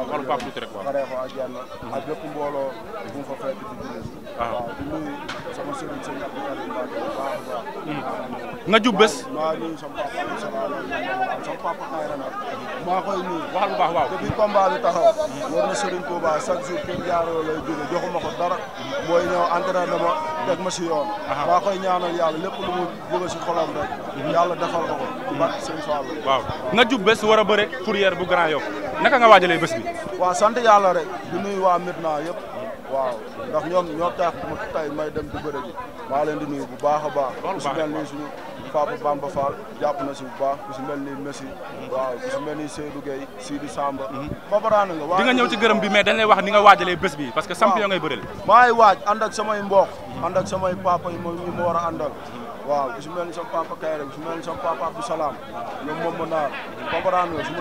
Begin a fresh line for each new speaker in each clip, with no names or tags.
xool Pape tuuti rek waaw xaree ko àjjana ak bépp mbooloo bu mu fa fekk di jullit ah. waaw di nuyu sama sëriñ sëñ ak Aliou Mbacke bu baax a baax hmm. nga jub bés maa nuyu sama papa Aliou Salaam sama papa Kayra nag maa koy nuyu waxal bu baax waaw depuis combat bi taxaw war na sëriñ Touba chaque jour kenn jaaroo lay jóge joxuma ko dara mooy ñëw entraîné ma teg ma si yoon maa koy ñaanal yàlla lépp lu mu bëgg si xolam rek
yàlla defal ko ko barke sëñ Fall waaw nga jub bés war a bëre fourrière bu Grand Yoff naka nga waajalee bés bi.
waaw sant yàlla rek di nuyu waa Medina yëpp. waaw ndax ñoom ñoo tax mu may dem di bëre maa leen di nuyu bu baax a baax si mel ni suñu na si bu baax ku si waaw ku si mel ni Samba mhm. comprendre nga di nga ñëw ci gërëm bi
mais dañ lay ni nga waajalee bés bi parce que champion ngay bëreel
maa ngi waaj ànd samay mbokk ànd samay papa yi moom ñu ma war a àndal waaw ku si mel ni sama papa Kayre ku si mel ni sama papa Abdou naar comprendre nga su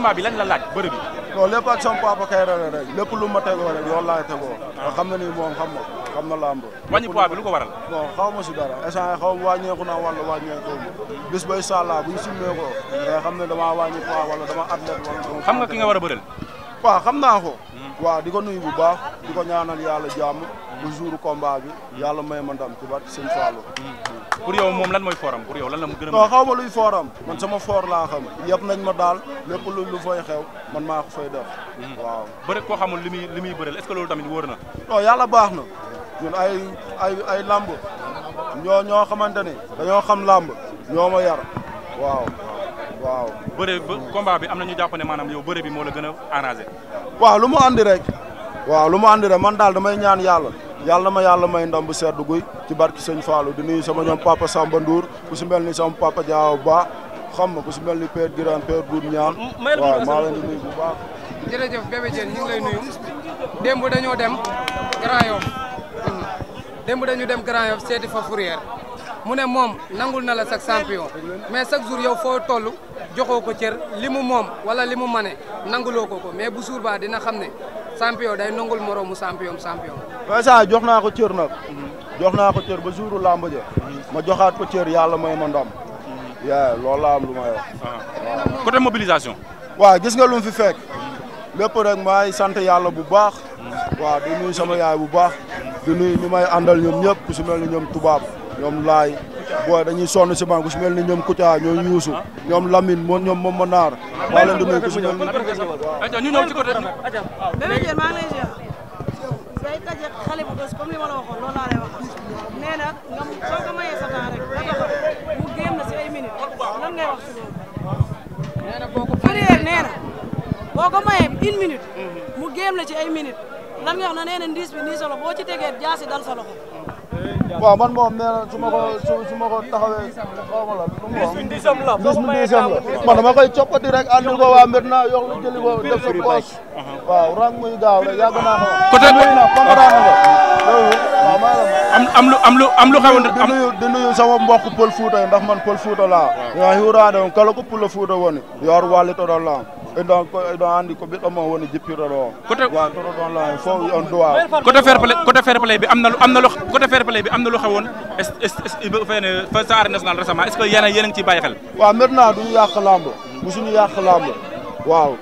ma liggéey damay bi lan la laaj bëri a
non lépp rek rek lu ma tegoo rek yoon laay tegoo xam na ni moom xam na xam na lamb wàññi poids bi ko waral non xaw ma si dara instant xaw ma wàññeeku naa wala wàññeeku bis bay sàlla bu ñu simmee ko nga xam ne damaa wàññi poids wala dama athlète wala xam nga ki nga war a bëreel waaw xam naa ko hmm. waaw di ko nuyu bu baax di ko ñaanal yàlla jàmm lu jour combat bi yàlla may ma ndam ci bat seen Fallou hmm. pour yow moom lan
mooy fooram pour yow lan la mu gën a. non
xaw ma luy fooram man sama foor laa xam yëpp nañ ma daal lépp lu lu fay xew man maa ko fay def. Hmm. waaw
bëri koo xamul li muy li muy bëreel est ce que loolu tamit wóor na.
non yàlla baax na ñun ay ay làmb ñoo ñoo xamante ne dañoo xam làmb ñoo ma yar
waaw. waaw bëre ba combat bi am nañu ñu jàpp ne maanaam yow bëre bi moo la gën a
waaw lu mu andi rek. waaw lu mu andi rek man daal damay ñaan yàlla. yàlla ma yàlla may ndam bu sedd guy ci barki sëñ Fallou di nuyu sama ñoom papa Samba Ndour ku si mel ni sama papa Diaw Ba xam nga ku si mel ni père Giraan père Goud ñaan waaw maa leen di nuyu bu baax.
jërëjëf bébé Diène ñu ngi lay nuyu démb dañoo dem Grand Yoff dem Grand Yoff seeti fa Fourrière mu ne moom nangul na la sax champion mais chaque jour yow foo toll joxoo ko cër li mu moom wala li mu mane nanguloo ko ko mais bu suur dina xam ne champion day nangul moroomu champion champion.
waaye saa jox naa ko cër nag. jox naa ko cër ba jouru làmb ma joxaat ko cër yàlla may ma ndam. yaa loolu lu may wax. Ah. waaw
côté mobilisation.
waaw gis nga lu mu fi fekk. lépp rek maay sant yàlla bu baax. waaw di nuyu sama yaay bu baax. di nuyu ñu may àndal ñoom ñëpp ku si mel ni ñoom tubaab ñoom laay. booy dañuy sonn si man ku si mel ni ñoom Koutia ñoom Youssou ñoom Lamine moom ñoom Momar Naar. maa leen di nuyu ku si mel ni.
waaw ñu ñëw ci côté bi. day daje comme li ma la waxoon loolu mu génn minute mu génn na ci ay minute lan nga na nee na ndiis solo boo ci tegee jaasi dal sa loxo.
waaw moom nee na ma ko su ma ko ma la. ndiis bi ndiisam la ndiis bi ndiisam la. man dama koy coppati rek àndil ko waa Medina yokk jëli ko def sa waaw rang muy gaaw rek yàgg na am am am lu am lu xewoon di nuyu di ndax man pël Fuuta laa. waaw hiwraade on kala ko pël Fuuta woni yor walli ko ɓiɗɗo mo woni jippirɗo ɗo
côté waaw toɗo ɗon
laam fof on
bi am na am na lu côté fair play am na lu xewoon fene fa sa arène nationale récemment est ce que yéen a yéen a ngi ciy bàyyi xel
waaw maintenant yàq lamb musuñu waaw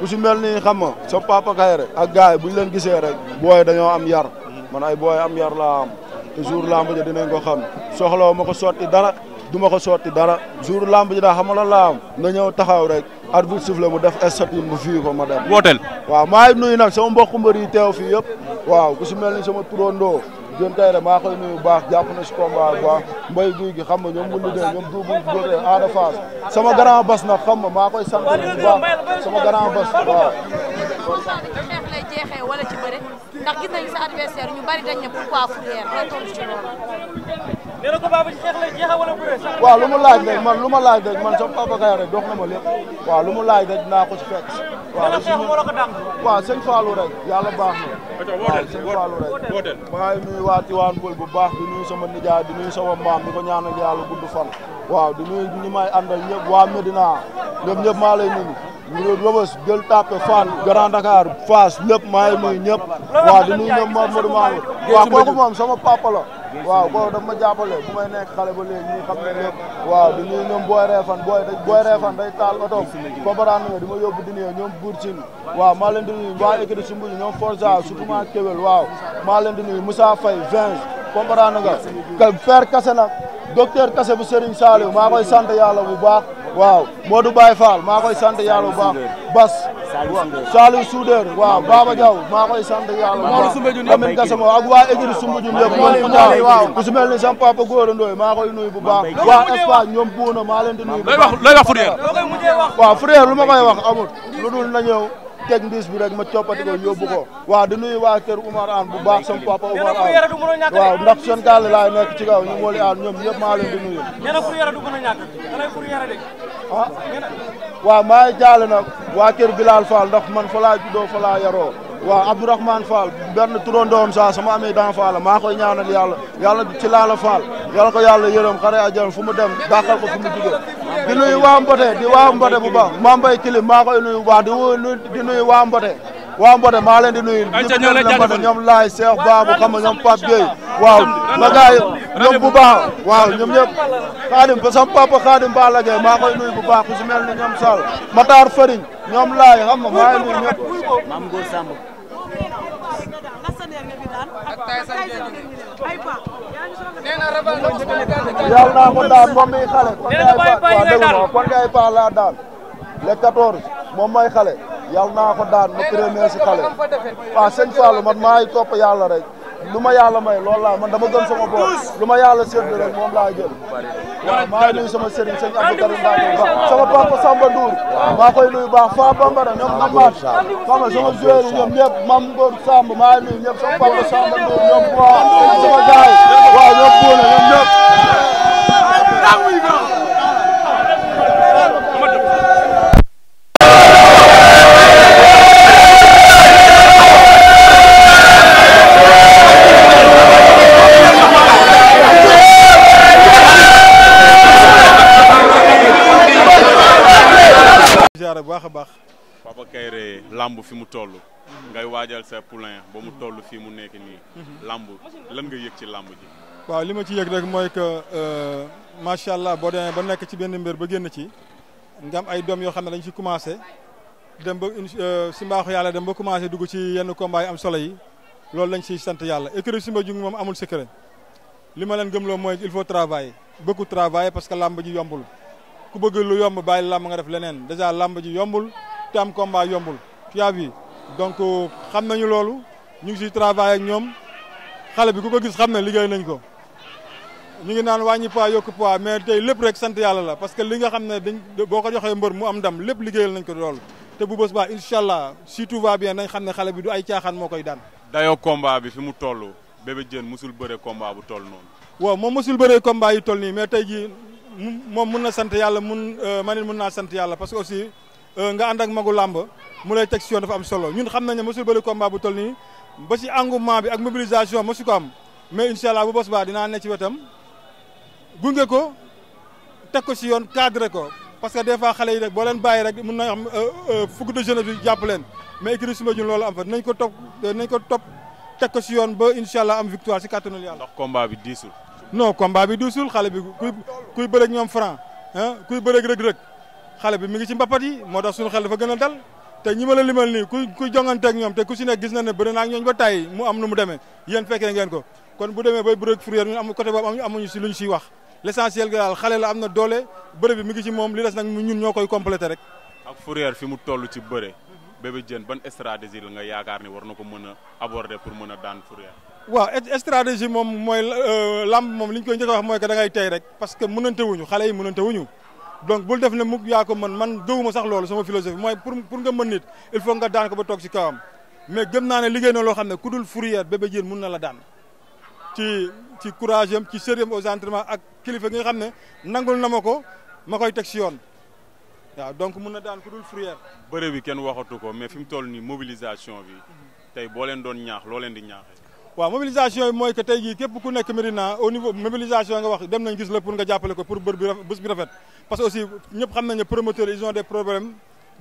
ku si mel ni xam nga sa papa kay rek ak gars bu ñu leen gisee rek booy dañoo am yar man ay booy am yar laa am te jour làmb ji dinañ ko xam soxlaw ma ko sotti dara du ma ko sotti dara jour làmb ji daa xam la laa nga ñëw taxaw rek at bu sufle mu def statut mu fii ko ma dem wooteel waaw maa nuy nuyu sama mbokk mbër yi teew fii yëpp waaw ku si mel ni sama turandoo Diène Kaïré maa koy nuyu baax jàpp na si combat bu baax mbay guy gi xam nga ñoom mun lidee ñoom
duubu góote aada faas
sama grand bas na xam nga maa koy sant baax sama grand bas waaw
jeexee wala ci bëre ndax gis nañu sa adversaire ñu bari dañ ne pourquoi Fourrière ci loolu nee na ko baba lu mu laaj rek man
lu ma laaj rek man sama papa Kayre dox na ma lépp waaw lu mu laaj rek naa ko si fekk. waaw lu si mu waaw sëñ Fallou rek yàlla baax na. waaw rek maa ngi nuyu waa Tiwaan Pël bu baax di nuyu sama nijaay di nuyu sama maam di ko ñaanal yàlla gudd fan. waaw di nuyu ñi may àndal ñëpp waa Medina ñoom ñëpp maa lay nuyu. ñu Rebeuss Gueule Tapée Fann Grand Dakar Fass lépp maa ngi nuyu ñëpp. waaw di nuyu ñoom Mamadou Mamadou waaw kooku moom papa la. waaw boobu daf ma jàppale bu may nekk xale ba léegi ñuy xam ne lépp waaw di ñuy ñoom booy reefan booy booy reefan day taal oto comprendre nga di ma yóbbu di nuyu ñoom buur sin waaw maa leen nuyu waa écurie Sumbul ñoom Forza surtout Kewel waaw maa leen di nuyu Moussa Faye Vinge comprendre nga fer kase nag docteur kase bu Serigne Saliou maa koy sant yàlla bu baax waaw Modou Baye Fall maa koy sant yàlla bu baax Bas. Saliou Soudeur waaw Baba Diaw maa koy sant yàlla bu baax Lamine Gassama ak waa écurie Soumbédioune yëpp waaw ku si mel ni sama papa Gora Ndoye maa koy bu baax waa Espagne ñoom buuna maa leen bu baax looy wax lu ma koy wax amul lu dul na ñëw teg mbiis bi rek ma coppati ko yóbbu ko waaw di nuyu waa kër Oumar Anne bu baax sama papa Oumar Anne waaw ndax seen gaal laay nekk ci kaw ñu mooli aan ñoom ñëpp di nuyu ah waaw jaale nag waa kër Bilal Fall ndax man fa laa juddoo yaroo waaw Abdourahmane Fall benn turandoom saa sama amee daan Fall maa koy ñaanal yàlla ci laala Fall yal ko yàlla yërëm xare àjjana fu mu dem dàqal ko fu mu jugee di nuyu waa Mbote di waa Mbote bu baax maa mbay kilim maa koy nuyu bu baax di di nuyu waa Mbote waa Mbote maa leen di nuyu Mbote ñoom laay Cheikh Babou xam nga ñoom Pape Gueye waaw la gaay bu baax waaw ñoom ñëpp xaadim ba sama papa xaadim ba la maa koy nuyu bu baax ku si mel ni ñoom Sall Matar Fariñ ñoom laay xam nga maa ngi nuyu ñëpp
yàlla naa ko daan moom
miy xale. kon kay paax laa daan le 14 moom mooy xale yàlla daan mu premier si xale waaw sëñ Fallou man topp yàlla rek. lu ma yàlla may loolu laa man dama gën sama bopp lu ma yàlla seetlu rek moom laa jël waaw maa ngi nuyu sama sëriñ sëñ Abdou Karim Mbacké baax sama Samba Ndour maa koy nuyu baax Fa Bambara ñoom Amath Fama sama joueur yi ñoom ñëpp Mam Ngor Samb maa ngi nuyu ñëpp Samba Ndour ñoom waa sama gars yi waaw ñoom Bouna ñoom
fi mu toll. ngay waajal sa poulain ba mu toll fii mu nekk nii. làmb lan nga yëg ci làmb ji.
waaw li ma ci yëg rek mooy que euh, macha allah boo demee ba nekk ci benn mbir ba génn ci nga ay doom yoo xam ne dañ ci commencé dem ba euh, si mbaaxu yàlla dem ba commencé dugg ci yenn combat am solo yi loolu lañ ciy sant yàlla écurie Simba Jung moom amul secret li ma leen gëmloo mooy il faut travailler beaucoup travailler parce que làmb ji yombul ku bëgg lu yomb bàyyi làmb nga def leneen déjà làmb ji yombul am combat yombul. tu as vu donc euh, xam nañu loolu ñu si siy ñoom xale bi ku ko gis xam na liggéey nañ ko ñu ngi naan wàññi poids yokku poids mais tey lépp rek sant yàlla la parce que li nga xam ne dañ boo ko joxee mbër mu am dam lépp liggéeyal nañ ko loolu te bu bés baa incha allah si tout va bien xam ne xale bi du ay
caaxaan moo koy daan. dayoo combat bi fi mu toll Bébé Diène mosul bëre combat bu toll noonu.
waaw moom mosul bëre combat yu toll nii mais tey na sant yàlla mun euh, man it naa sant yàlla parce Euh, nga ànd ak magu làmb mu lay teg si yoon dafa am solo ñun xam nañ ne mosul bëri combat bu toll nii ba si engouement bi ak mobilisation mosu ko am mais incha allah bu bos baa dinaa ne ci wetam gunge ko teg ko si yoon cadre ko parce que des fois xale yi rek boo leen bàyyi rek mun na xam euh, euh, fukk de jeunesse bi jàpp leen mais écrit suma jun loolu am fa nañ ko topp nañ ko topp teg ko si yoon ba incha allah am victoire si kàttanul yàlla. ndax
combat bi diisul.
non combat bi diisul xale bi kuy kuy ñoom franc ah kuy bëreeg xale bi mi ngi ci mbapat yi moo tax suñu xel dafa gën dal te ñi nii ku ku jonganteeg ñoom te ku si nekk gis na ne bëri naa ñooñu ba tàyyi mu am nu mu demee yéen fekkee ngeen ko kon bu demee bay bëre fourrière ñun am côté boobu wax l'essentiel gi daal xale la am na doole bëre bi mi ngi si moom li des nag ñun ñoo koy complété rek
ak fourrière fi mu toll ci bëre Bébé Diène ban stratégie la nga yaakaar ni war na ko mën a aborder pour mën a daan fourrière
waaw stratégie moom mooy euh, lamb moom li koy njëkk a wax mooy tey rek parce que mënante wuñu xale yi mënante wuñu donc bul def ne mukk yaa ko mën man gëwuma sax loolu sama philosophie mooy pour pour nga mën nit il faut nga daan ko ba toog ci kawam mais gëm naa ne liggéey na loo xam ne ku dul Fourrière Bébé Diène mun na la daan ci ci courage ci sérieux aux entraînements ak kilifa gi nga xam ne nangul na ma ko ma koy teg si yoon
waaw donc mun na daan ku dul Fourrière. bëre bi kenn waxatu ko mais fi mu toll nii mobilisation bi mhm. tey boo leen doon ñaax loo leen di ñaaxee.
waaw mobilisation bi mooy que tey jii képp ku nekk Médina au niveau mobilisation nga wax dem nañ gis la nga jàppale ko pour bër bi bés parce que aussi ñëpp xam nañ ne promoteurs des problèmes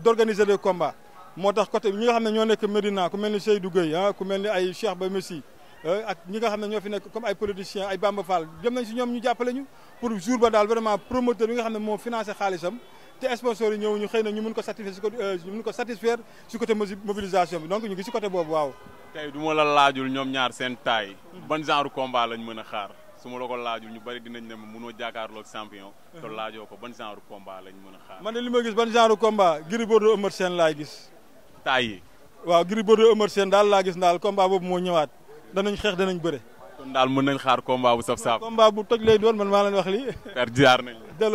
d'organiser des combats moo tax côté ñi nga xam ne ñoo nekk Médina ku mel ni Seydou Gueye ah ku mel ni ay Cheikh Ba Messi ah, ak nga xam ne ñoo fi nekk comme ay politiciens ay Bamba Fall dem nañ si ñoom ñu jàppale ñu pour jour ba daal vraiment promoteur ne moo financé xaalisam na ñu mun ko satisfaire euh, bi donc ñu ngi si côté boobu
tey du ma la laajul ñoom ñaar seen taay ban genre combat lañ mën a xaar su ma la ko laajul ñu bari dinañ ne ma mënoo jàkkaarloog champion. te laajoo ko ban genre combat lañ mën a xaar.
man de li ma gis ban genre combat Gris Bordeaux Eumeu Sène laay gis. taay yi. waaw Gris Bordeaux Eumeu Sène daal laa gis daal combat boobu moo ñëwaat danañ xeex danañ bëre.
kon daal mën nañ xaar komba bu saf-saaf.
combat bu toj lay doon man maa leen wax
lii.
per